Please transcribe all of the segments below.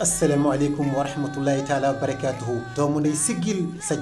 asalaamaaleykum wa rahmatullahi taala wa barakaatuhu doomu ndey siggil sa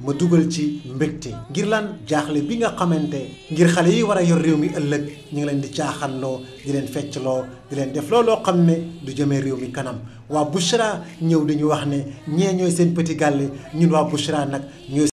ma dugal ci mbégte ngir lan jaaxle bi nga xamante ngir xale yi war a yor réew mi ëllëg ñu ngi leen di caaxanloo di leen feccloo di leen def looloo xam ne du jëme réew mi kanam waa Bichra ñëw dañu wax ne ñee ñooy seen petit ñun waa Bichra nag ñooy